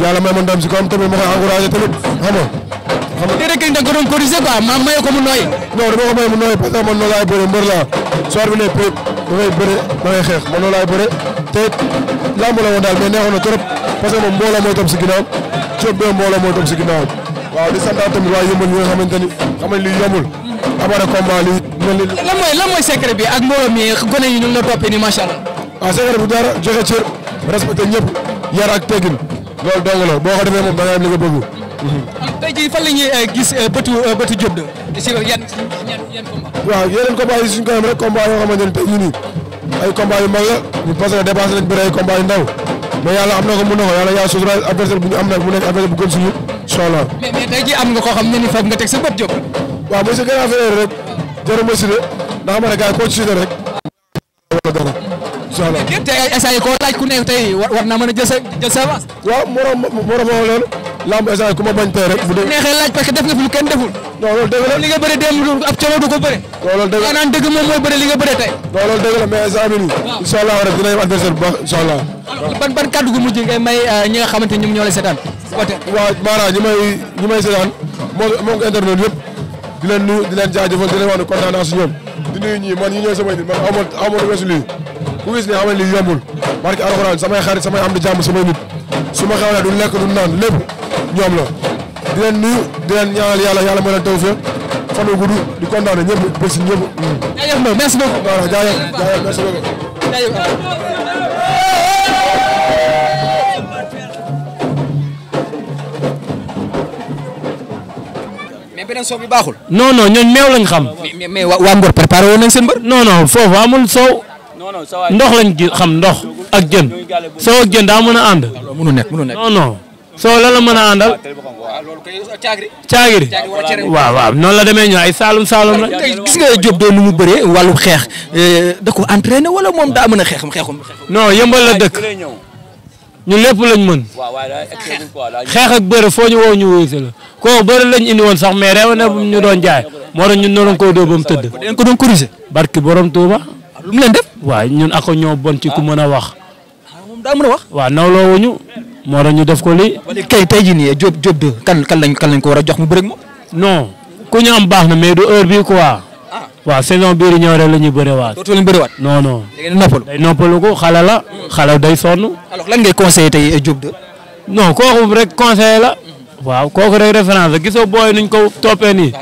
yàlla may ma ndam si kawam tamit ma koy encouragé tamit xam nga. xam nga déedéet ko doon corrigé quoi ma may ko nooy. non dama ko may nooy parce que la woon daal mais neexoon na trop parce que moom mbooloo mooy topp si ginnaaw coob mooy topp si ginnaaw waaw waa yëmbal ñi nga ni xam nga lii yombul amaana combat lii mel ni. lan mooy lan mooy secret bi ak mbooloo mi gone yi ñu ngi la toppee nii macha allah. waaw ah, secret bi dara joxe cër respecté ñëpp yar ak teggin loolu dong la boo ko defee moom da ngay am li nga jii fan la eh, gis eh, ba eh, bëtu Diop de. si yan yan combat. waaw yeneen combat yi suñ ko am rek combat yoo xamante ne tey ñu nii ay combat yu mag am na ko mën na ko yàlla yaa sutura adversaire bu ñu am mu nekk adversaire bu jii am nga koo xam ne ni foog nga teg sa bët Diop. waaw monsieur gën a affaire rek jarul ma cité ndax xam nga ne gars yi ci cité rek. incha allah te tey essai koo laaj ku ne tey war na mën a jël sa jël sa avance. waaw morom morom moo loolu. nga fi lu kenn deful. allah ban ban gu mujj ngay may euh, ñi nga xamante ñoom ñoo lay seetaan. côté waaw maanaam ñi may ñi internet yëpp di leen nuyu di leen jaajëfal di ñoom di nuyu ñii man ñi ñooy sama nit man aw ma aw ku gis ne xamal li yombul barke alxuraan samay xarit samay am di jàmm samay nit su ma xewlee du lekk du naan lépp ñoom la di leen nuyu di leen ñaanal yàlla yàlla may leen tawfeex fan wu gudd di kontaane ñëpp bés ñëpp. jaajëf Ndao merci beaucoup. voilà baaxul. non waa Ngor soow. ndox lañ gi xam ndox ak jën soo ak jën daa mën a ànd. mënu nekk mënu nekk non non soo la la mën a àndal. caagiri waaw waaw noonu la demee ñu ay saalum saalum la. gis nga Diop doon nu mu bëree wàllu xeex euh, da ko entraîné wala moom daa mën a xeex xeexum. non yëmbal la dëkk ñu lépp lañ mën xeex ak bëre foo ñu woo ñu wuyse la koo bëre lañ indi woon sax mais reew na ñu doon jaay moo tax ñun noonu koo dóor ba tëdd. dañ ko doon corriger. barki borom Touba. lu mu leen def. waaw ñun ako ñoo bon ci ku na a wax. ah moom a moo tax ñu def ko lii. wala kay tey ji ni Diop Diop de kan kan lañ kan lañ ko war a jox mu bëri moom. non ku ñu am baax na mais du heure bii quoi. Ah. waaw waa bii di ñëw rek la ñuy bëriwaat. dootu leen bëriwaat. non non. da ngeen noppalu day noppalu ko xale la. xale day sonn. alors lan ngay conseillé tey Diop rek conseillé la. Mm. waaw kooku rek référence la gisoo booy nuñ ko topé ni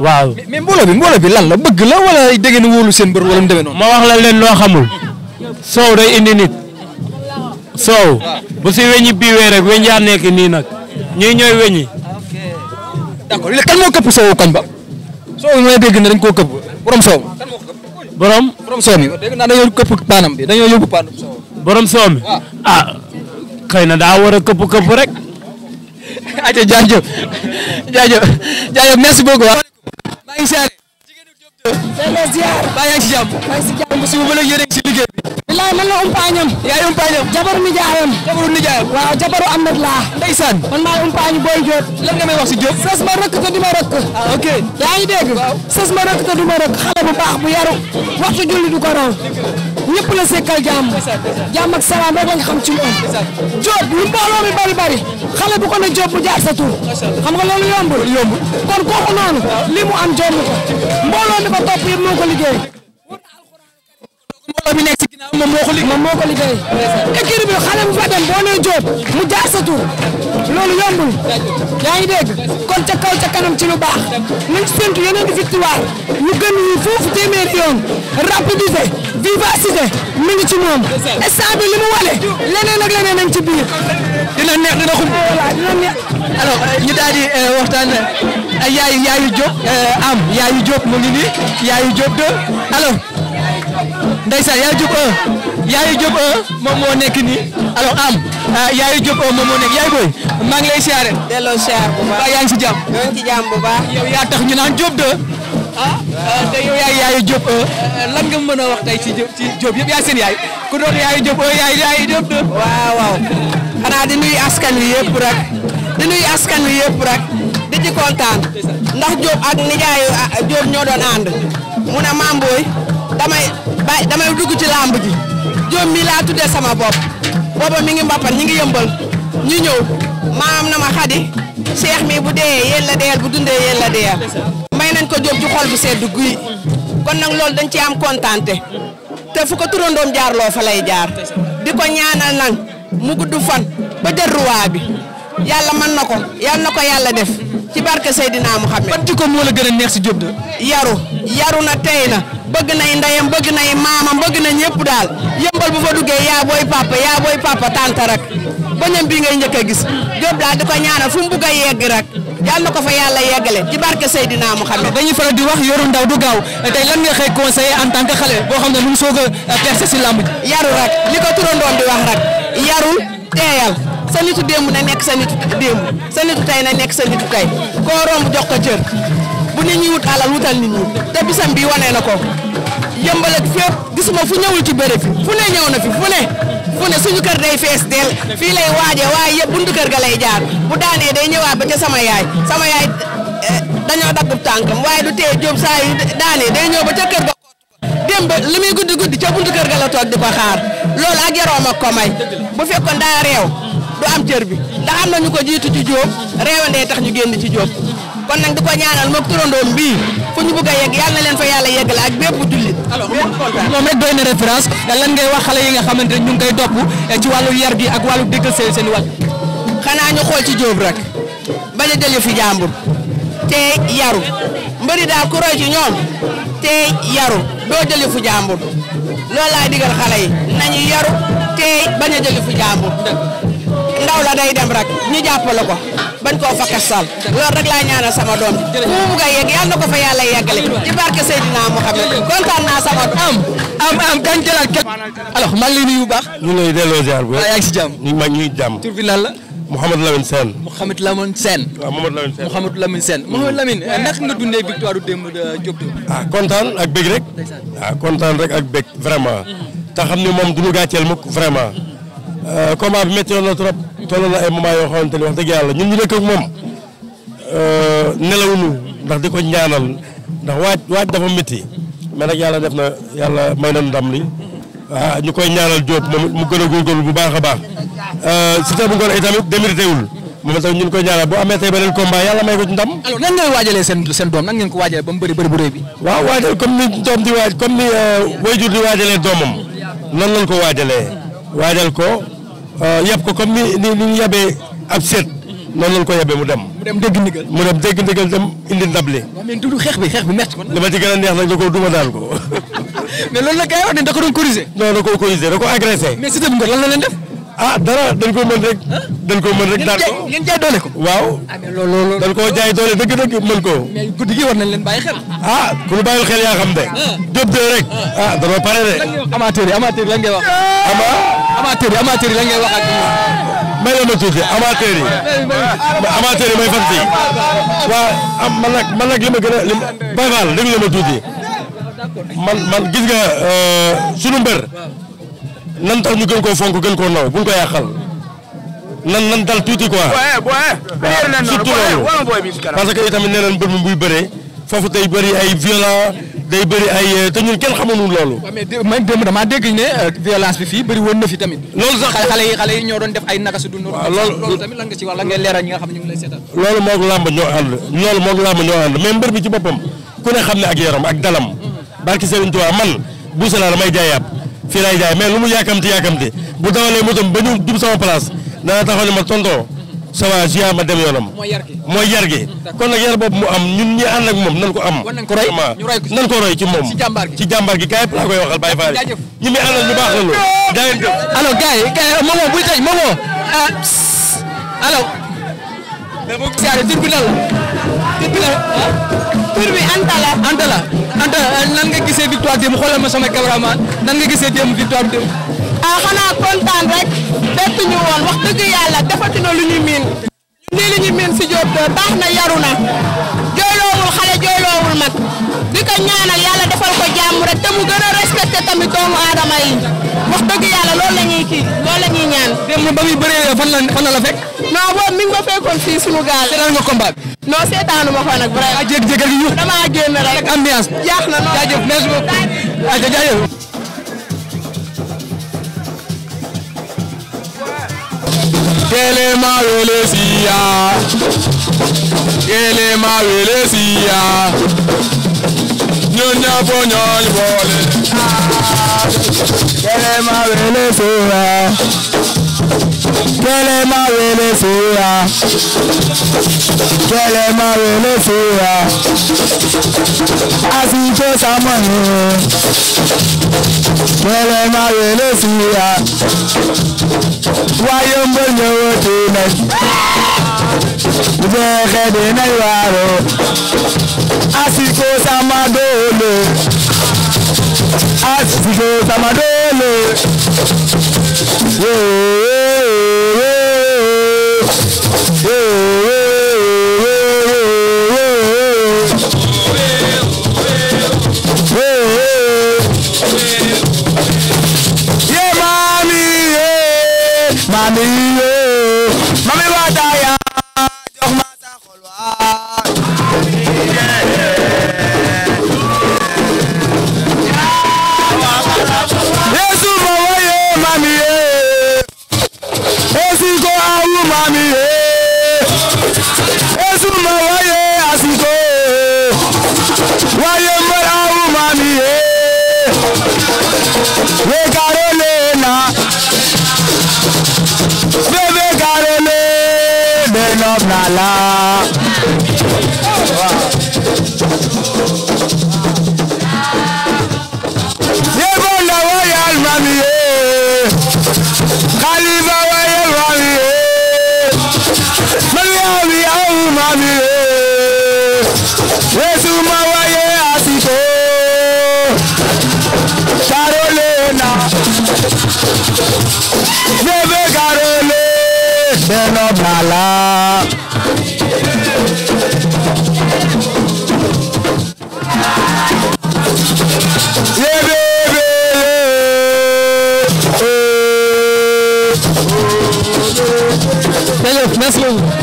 waaw mais mbolo bi mbolo bi lan la bëgg la wala dégg na wóolu seen bër wala mu demee ma wax la len lo xamul. soow day indi nit. soow bu ci wéñi bi wé rek wéñ ya nek ni nak ñii ñoy wéñi d'accord le kan mo këpp soowu koñ ba. soow ñoy dégg na dañ ko këpp borom soow. borom borom soow mi dégg ah, na dañu këpp panam bi dañu yóbbu panam soow. borom soow mi ah xeyna da wara war a rek. ayca jaajëf jaajëf jaajëf merci beaucoup. Ah. maa ngi siyaare. jigéen ñi Diop 2. maa ngi si jàmm. maa ngi si a bilaay man la ya, ya umpaañam yaay umpaañam jabaru nijaayam jabaru nijaayam waaw jabaru amat laa ndeysaan man maay umpaañu booy jóob lan nga may wax si jóob sës ma rëkk te du ma rëkk ah ok yaa ngi dégg sës ma rëkk te du ma rëkk bu baax bu yaru waxtu julli du ko raw ñëpp la sekkal jàmm jàmm ak salaam rek lañ xam ci moom jóob lu mbooloo mi bari bari xale bu ko ne jóob bu jaar sa tur xam nga loolu yombul yombul kon kooku noonu li mu am jomb ko mbooloo mi ko topp yëpp moo ko mbooloo mi nekk ci ginnaaw moom moo ko liggéey. moom moo mu jaar sa tur loolu yombul. yaa ngi dégg kon ca kaw ca ci lu baax. nañ séntu yeneen di victoire yu gën yu foofu téeméeri yoon rapidité vivacité mi ngi ci bi mu wale leneen ak leneen nañ ci dina neex dina xum. dina neex. alors ñu daal di euh, waxtaan euh, yaayu yaayu Diop euh, am yaayu Diop mu ngi nii yaayu Diop deux alors ndeysaan yaayu Diop un yaayu Diop un moom moo nekk nii alors am yaayu Diop un moom moo nekk yaay booy maa ngi lay siyaare. delloo siyaar bu baax yaa ngi si jàmm. yaa ngi si jàmm bu baax. ñu naan Diop deux. ah, ah. mën a wax tey ci Diop yaa seen yaay ku doon yaayu Diop un yaayu yaayu Diop deux. waaw. xana di nuyu askan wi yëpp rek di nuyu askan wi yëpp rek di ci kontaan ndax job ak nijaay ah, job ñoo doon ànd mu ne maam booy damay bay damay dugg ci lamb ji job mi laa tuddee sama bopp booba mi ngi mbappal ñi ngi yëmbal ñu ñëw maam na ma xadi cheikh mi bu dee yéen la bu dundee yéen la deel may nañ ko job ci xol bu sedd guy kon nag loolu dañ ci am kontaante te fu ko turandoom jaar loo fa lay jaar di ko ñaanal nag mu gudd fan ba dërruwaa bi yàlla man na ko yàlla na ko yàlla def ci barke Seydina Muhammad. ban jikko moo la gën a neex si Diop de. yaru yaru na tey na bëgg nay ndeyam bëgg nay maamam bëgg na ñëpp daal yëmbal bu fa duggee yaa papa yaa papa tànta rek bañam bi ngay njëkk a gis Diop daal di ko ñaanal fu mu bugg a yegg rek yàlla na ko fa yàlla yeggale ci barke Seydina Muhammad. dañuy faral di wax yoru ndaw du gaaw tey lan nga xëy conseiller en tant que xale boo xam ne lu a yarul teeyal sa nitu démb na nekk sa nitu démb sa nitu na nekk sa nitu tey koo romb jox ko cër bu nit ñi wut alal wutal nit ñi te bisam bi wane na ko yëmbal ak fépp gisuma fu ñëwul ci bërëb bi fu ne ñëw na fi fu ne fu ne suñu kër day fees dell fii lay waaje waaye yëpp buntu kër ga lay jaar bu daanee day ñëwaat ba ca sama yaay sama yaay eh, dañoo dagg tànkam waaye du tee jom saa yu daanee day ñëw ba ca kër ga kër ga la toog di ko xaar lool ak yaroom ak ko may bu fekkoon daa réew du am cër bi ndax am na ñu ko jiitu ci jóob réewandee tax ñu génn ci jóob kon nag di ko ñaanal moog turandoom bii fu ñu bëgg a yegg yàlla na leen fa yàlla yeggale ak bépp jullit. alors moom rek doy na référence lan ngay wax xale yi nga xamante ne ñu ngi koy topp eh, ci wàllu yar gi ak wàllu déggal seen seen wàll. xanaa ñu xool ci jóob rek bañ a jëlee fi jàmbur te yaru mbëri daal ku roy ci ñoom te yaru doo jëlee fu jàmbur loolu laay digal xale nañu yaru teey bañ a fu jaambur ndaw la day dem rek ñu jàppale ko bañ koo fakkasal loolu rek laa ñaanal sama doom mu bugg yegg yàlla na fa yeggale ci barke Muhammad Kontan naa sama am am am dañ jëlaat kel alors maa ngi nuyu bu ñu lay delloo ziar bu yaa ngi si ñu mag ñuy jàmm tur bi lan la Mouhamadou Lamine Sène Mouhamadou Lamine Sène waaw Mouhamadou Lamine Sène Mouhamadou Lamine eh, nga victoire du de euh, Diop ah ak rek ah rek ak vraiment mm-hmm. te xam ni moom du ñu gàcceel mukk vraiment euh, combat bi métti na trop tolloon na ay moment yoo xamante ni wax dëgg yàlla ñun ñu nekk ak moom euh, nelawuñu ndax di ko ñaanal ndax waaj waaj dafa métti mais nag yàlla def na yàlla may na ndam li waaw ah, ñu koy ñaanal Diop moom mu gën a góorgóorlu bu baax a baax euh, Siteu bu ngoon itamit démérité wul moom itam ñu ngi koy ñaanal bu amee tey beneen combat yàlla may ko ci ndam. alors nan ngay waajalee seen seen doom nan ngeen ko waajalee ba mu bëri bëri bu rëy bi. waaw waajal comme ni doom di waaj comme ni wayjur di waajalee doomam. nan lañ ko waajalee waajal ko euh, yab ko comme ni ni ñu yabee ab seet noonu lañ ko yabee mu dem. mu dem dégg ndigal mu indi ndab li. waaw mais dudu xeex ko. dama ci a neex nag da koo duma daal ko. mais loolu la gars ko doon corriger. ko agressé. mais Siteu bu Ngor lan la leen def. ah dara dañ ko mën rek. dañ ko mën rek. daal ko ngeen jaay doole ko. waaw ah, dañ koo jaay doole dëgg-dëgg mën ko. mais guddi gi war nañ leen bàyyi xel. ah ku ñu xel yaa xam de. Diop ah. de rek. Ah. pare de. amateur yi amateur yi lan wax. ama amateur yi amateur yi lan ngay wax ak may la ma tuuti amateur yi. amateur yi may fàttali. waaw am man nag man nag li ma gën a li ma. bayfaal dégg la ma tuuti. man man gis nga euh, sunu nan tax ñu gën ko fonk gën ko naw buñ ko yàqal nan nan dal tuti quoi. waaw boy biskara parce que itam nee bëmm mbër mi buy bëree foofu day bëri ay violent day bëri ay te ñun kenn xamuñu loolu. waaw mais man démb dégg ñu ne euh, violence bi fi bëri woon na fi tamit. loolu sax xalé yi xalé yi ñoo doon def ay nakasu du dund. loolu tamit la nga ci wax la ngay léra ñi nga xamni ñu lay sétal loolu moog lamb ñoo and loolu moog lamb ñoo and mais mbër bi ci bopam ku ne xamni ak yaram ak dalam mm-hmm. barki Serigne Touba man buuse naa damay jaay fii lay jaay mais lu mu yàkkamti yàkkamti bu dawalee motom ba ñu jub sama place dana taxaw ne ma tontoo ça va jia ma dem yoonam. mooy yar gi kon nag yar boobu mu am ñun ñi ànd ak moom nan ko am. nan ko roy nan ko roy ci moom. ci jàmbaar gi ci jàmbaar gi gars yëpp laa koy waxal Baye Fall ñi muy àndal ñu baax la loolu. jaayeen jëf alors gars yi gars yi Momo buy tëj Momo ah alors. siyaare tur bi nan la tur bi nan la euh, nan nga gisee victoire démb xoolal ma sama cameraman nan nga gisee démb victoire démb ah xanaa kontaan rek bettuñu woon wax dëgg yàlla defatina lu ñu miin lii li ñu miin si Diop de euh, baax na yaru na xale jooyloowul mag di ko ñaanal yàlla defal ko jàmm rek te mu gën a respecté tamit doomu yi wax dëgg yàlla loolu la ñuy kii ba muy bëree fan fan la la fekk. boobu mi ngi ma fekkoon fii sunu gaal. seetaan nga combat seetaanu ma ko nag vraiment. ah jéeg jéegal yu. damaa génn rek ak ambiance. jaax na noonu jaajëf merci beaucoup. ayca jaajëf. Kele ma wele kẹlẹ ma wele sora kẹlẹ ma wele sora kẹlẹ ma wele sora asijọ samọni kẹlẹ ma wele sora wayo n bẹ ɲɛwo tẹmẹ bẹẹ kẹ de ne wa ro asiko samadolo asigo tamadole Yeah, mommy, yeah, mommy, yeah. waye mara umami ye eh. we karole na bebe karole de nobnala yebo na waye almami ye khalifa waye almami ye mariyawi umami ye yesu mawa. Yeah, yeah, yeah. Hey, Bala. Let's move.